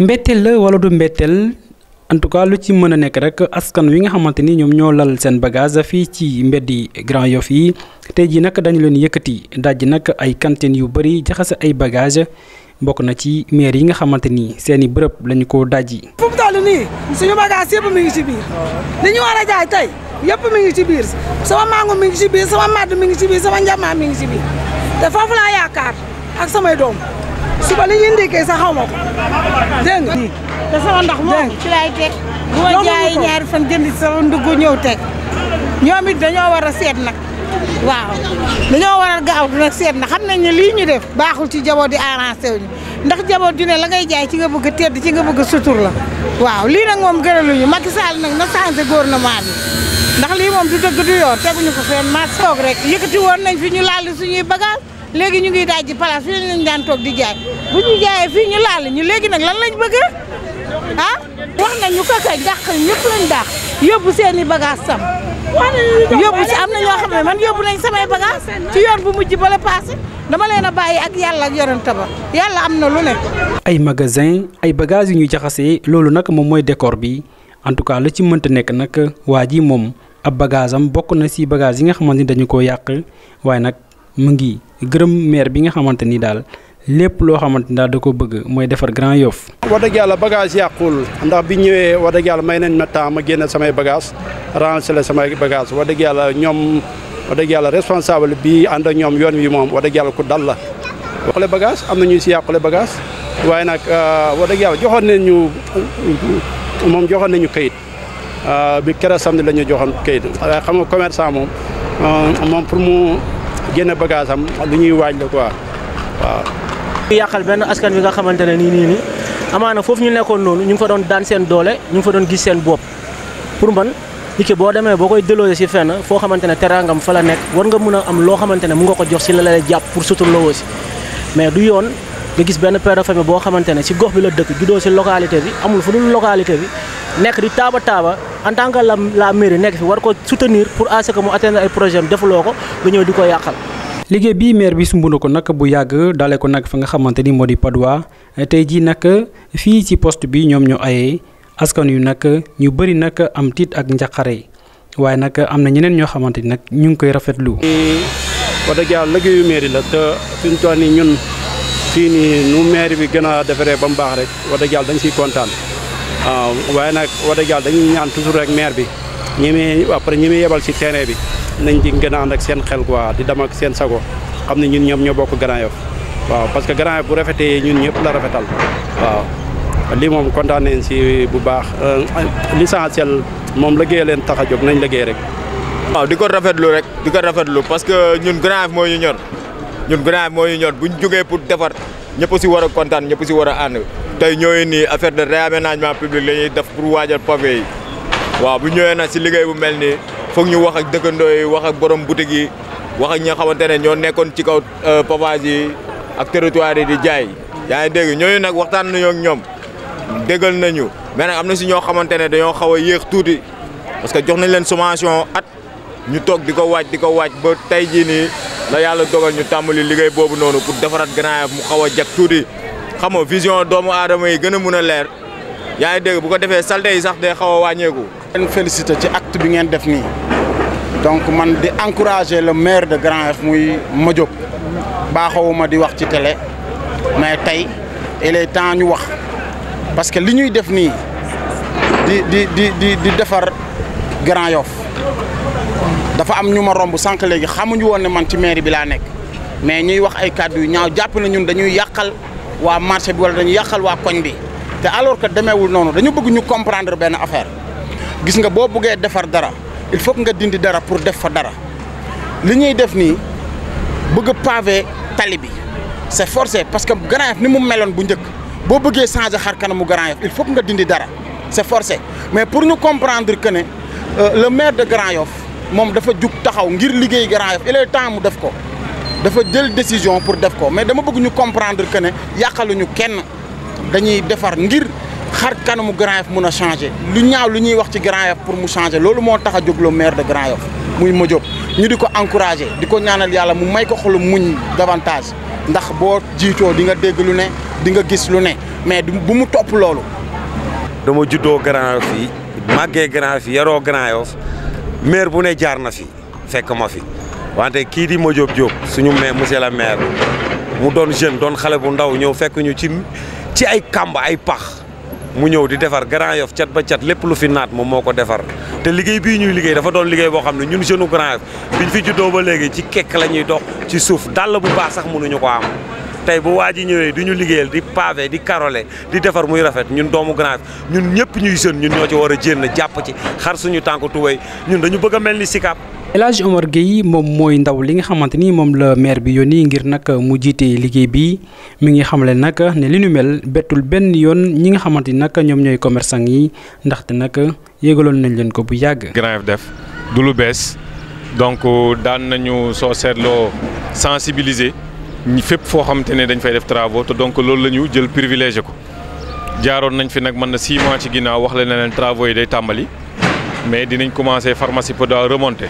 mbetteel la wala du mbetteel en tout cas lu ci mën a nekk rek askan wi nga xamante ni ñoom ñoo lal seen bagage fii ci mbeddi Grand Yoff yi tey jii nag dañu leen yëkkati dajji nag ay cantine yu bëri jaxase ay bagage bokk na ci maire yi nga xamante ni seen i bërëb lañu ko dajji. fu mu toll nii suñu bagage yëpp mi ngi ci biir li ñu war a jaay tey yëpp mi ngi ci biir sama mango mi ngi ci biir sama madd mi ngi ci biir sama njamaa mi ngi ci biir te foofu suba li ñuy ndékkee sax xaw ma ko dégg nga. te sama ndax moom ci laay teg. bu ma jaayee ñaari fan jënd ci sama ñëw teg. ñoom it dañoo war a seet nag. waaw dañoo war a gaaw nag seet na xam nañ ne lii ñu def baaxul ci jaboot di arrangé wu ñu ndax jaboot ju ne la ngay jaay ci nga bëgg a di ci nga bëgg a la waaw lii nag moom gënaluñu Macky Sall nag na changé gouvernement bi ndax lii moom du dëgg du yoon teguñu ko fenn maa toog rek yëkkati woon nañ fi ñu laal suñuy bagage léegi ñu ngi dajji place fii lañ daan toog di jaay bu ñu jaayee fii ñu laal ñu léegi nag lan lañ bëgg ah, wax nañ ñu kaka dàq ñëpp lañ dàq yóbbu seen i bagage sam yóbbu si am na ñoo xam ne man yóbbu nañ samay bagage ci yoon bu mujj bala paase dama leen a bàyyi ak yàlla ak yonent ba yàlla am na lu ne. ay magasin ay bagages yu ñu jaxase loolu nag moom mooy décor bi en tout cas la ci mënta nekk nag waa ji moom. ab bagage am bokk na si bagage yi nga xamante ni dañu ko yàq waaye nag mu ngi gërëm maire bi nga xamante ni daal lépp loo xamante ni daal da ko bëgg mooy defar Grand Yoff. wax dëgg yàlla bagage yàqul ndax bi ñëwee wax dëgg yàlla may nañ ma temps ma génne samay bagage la samay bagage wax dëgg yàlla ñoom wax dëgg yàlla responsable bi ànd ak ñoom yoon wi moom wax yàlla ku dal la. yàqule bagage am na ñu si yàqule bagage waaye nag euh, wax dëgg yàlla joxoon nañ ñu moom joxoon nañu kayit. Euh, bi keroog samedi la ñu joxoon kayit waaye euh, xam nga commerçant moom euh, moom pour mu génne bagage am lu ñuy waaj la quoi waaw. ñu yàqal benn askan bi nga xamante ne nii nii nii amaana foofu ñu nekkoon noonu ñu ngi fa doon daan seen doole ñu ngi fa doon gis seen bopp pour man. nit boo demee boo koy délogé si fenn foo xamante ne teraangam fa la nekk war nga mun a am loo xamante ne mu nga ko jox si la lay jàpp pour suturloo si mais du yoon nga gis benn père de famille boo xamante ne si gox bi la dëkk juddoo si localité bi amul fu dul localité bi nek di taba taba en tant que la, la mairie nek war ko soutenir pour à que mu atteindre ay projet defuloo ko nga ñëw di ko bi maire bi sumbu nako nak bu yag dalé ko nak fa nga xamanteni modi padwa tay ji nak fi ci poste bi ñom ñu ayé askan yu nak ñu bari nak am tit ak njaqare waye nak amna ñeneen ño xamanteni nak ñu ngi koy rafetlu wax dëgg ligue yu mairie la te fiñ ñun fi ni nu maire bi gëna rek wa dañ ci contane waaw waaye nag wax dëgg yàlla dañuy ñaan toujours rek maire bi ñi muy après ñi muy yebal si terrain bi nañ ci gën a seen xel quoi di dem ak seen sago xam ne ñun ñoom ñoo bokk Grand Yoff waaw parce que Grand Yoff bu rafetee ñun ñëpp la rafetal waaw lii moom kontaan nañ si bu baax euh, l'essentiel moom liggéey leen tax a jóg nañ liggéey rek. waaw di ko rafetlu rek di ko rafetlu parce que ñun Grand Yoff moo ñor ñun Grand Yoff moo ñor bu ñu jógee pour defar ñëpp si war a kontaan ñëpp si war a ànd. tey ñooy nii affaire de réaménagement public la ñuy def pour waajal pavé yi waaw bu ñëwee nag si liggéey bu mel nii foog ñu wax ak dëkkandoo wax ak borom boutique yi wax ak ñi nga xamante ne ñoo nekkoon ci kaw euh, pavage yi ak territoire yi di jaay yaa ngi dégg ñooñu nag waxtaan nañoo ak ñoom déggal nañu me nag am na si ñoo xamante ne dañoo xaw a yéex tuuti parce que jox nañ leen sommation at ñu toog di ko waaj di ko waaj ba tey jii nii la yàlla dogal ñu tàmbali liggéey boobu noonu pour defaraat Grand Yoff mu xaw a jag tuuti. xam nga vision doomu aadama yi gën a mun a leer yaa ngi dégg bu ko defee salte yi sax day xaw a wàññeeku. leen félicité ci act bi ngeen def nii donc man di encourager le maire de Grand Yoff muy Madiop baaxawuma di wax ci tele mais tey il est temps ñu wax parce que li ñuy def nii di di di di di defar Grand yof dafa am ñu ma romb sànq léegi xamuñu woon ne man ci mairie bi laa nekk mais ñuy wax ay kàddu yu ñaaw jàpp na ñun dañuy yàqal. wa marché bi wala dañu yàqal wa koñ bi té alors que demeewul noonu dañu bëgg ñu comprendre benn affaire gis nga bo bëggé défar dara il faut que nga dindi dara pour def fa dara li ñuy def ni bëgg pavé tali bi c'est forcé parce que Grand Yoff ni mu meloon bu ñëk bo bëggé changer xar Grand Yoff il faut que nga dindi dara c'est forcé mais pour ñu comprendre que ne euh, le maire de Grand Yoff mom dafa juk taxaw ngir liggéey Grand Yoff il est temps mu def ko faire des décision pour le mais dama bëgg comprendre que ne qui kenn dañuy defar ngir xar kanamu Grand changer Grand pour mu changer c'est ce a maire de Grand nous muy encourager dire ñaanal mu may ko xolu davantage ndax di nga dégg lu ne mais bu mu top loolu. dama Grand Grand Grand maire na fi comme. wante kii di Madiop Diop suñu maire monsieur le maire mu doon jeune doon xale bu ndaw ñëw fekk ñu ci ci ay kàmb ay pax mu ñëw di defar Grand Yoff cat ba cat lépp lu fi naat moom moo ko defar te liggéey bii ñuy liggéey dafa doon liggéey boo xam ne ñun jeune Grand Yoff ñu fi juddoo ba léegi ci kekk la ñuy dox ci suuf dàll bu baax sax mënuñu ko am tey bu waa ji ñëwee du ñu liggéeyal di pavé di karole di defar muy rafet ñun doomu Grand Yoff ñun ñëpp ñuy jeune ñun ñoo ci war a jéem a jàpp ci xar suñu tànk tubéy ñun dañu bëgg mel ni Sicap El Hadj Omar Gueye moom mooy ndaw li nga xamante ni moom la maire bi yoon yónni ngir nag mu jiite liggéey bi mi ngi xamle nag ne li nu mel bettul benn yoon ñi nga xamante ni nag ñoom ñooy commerçant yi ndaxte nag yégaloon nañ leen ko bu yàgg. Grand def du lu bees donc euh, daan nañu soo seetloo sensibiliser ñi fépp foo xamante ne dañ fay def travaux te donc loolu la ñu jël privilégié ko jaaroon nañ fi nag mën na 6 mois ci ginnaaw wax leen ne leen travaux yi day tàmbali mais dinañ commencé pharmacie Podoa remonter.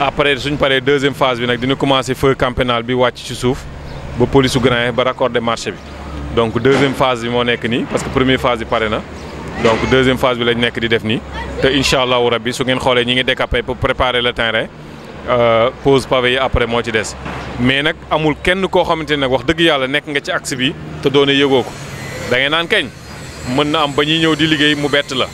après la deuxième phase bi nak dina commencer feu camp bi wacc ci souf ba police Grand marché bi donc deuxième phase bi parce que première phase na donc deuxième phase bi lañ nek di def te rabbi pour préparer le terrain euh, pose pavé après mo des mais nak amul kenn ko nous ne wax dëgg yalla nek nga ci axe bi te ko da ngay am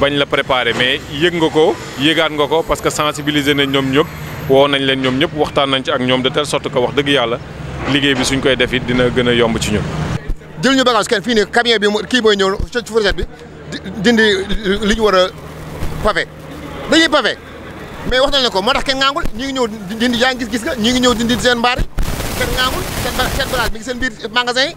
bañ la préparer mais yëg nga ko yëgaat nga ko parce que sensibiliser nañ ñoom ñëpp woo nañ leen ñoom ñëpp waxtaan nañ ci ak ñoom de telle sorte que wax dëgg yàlla liggéey bi suñ koy def it dina gën a yomb ci ñoom jël ñu bagage kenn fii ne camion bi kii mooy ñëw ci fourchette bi dindi li ñu war a pafe dañuy pavé mais wax nañ ko moo tax kenn ngaangul ñi ngi ñëw dindi yaa ngi gis gis nga ñi ngi ñëw dindi seen mbaari kenn ngaangul seen bagage mi ngi seen biir magasin yi.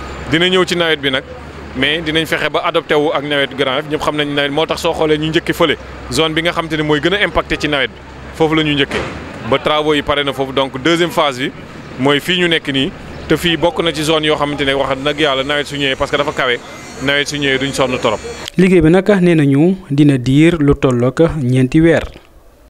dina ñëw ci nawet bi nag mais dinañ fexe ba adopté wu ak nawet Grand Yoff ñëpp xam nañ nawet moo tax soo xoolee ñu njëkki fële zone bi nga xam ne mooy gën a ci nawet bi foofu la ñu njëkkee ba travaux yi pare na foofu donc deuxième phase yi mooy fii ñu nekk nii te fii bokk na ci zone yoo xamante ne wax nag yàlla nawet su ñëwee parce que dafa kawe nawet su ñëwee duñ sonn torop liggéey bi nag nee nañu dina diir lu tollook ñeenti weer.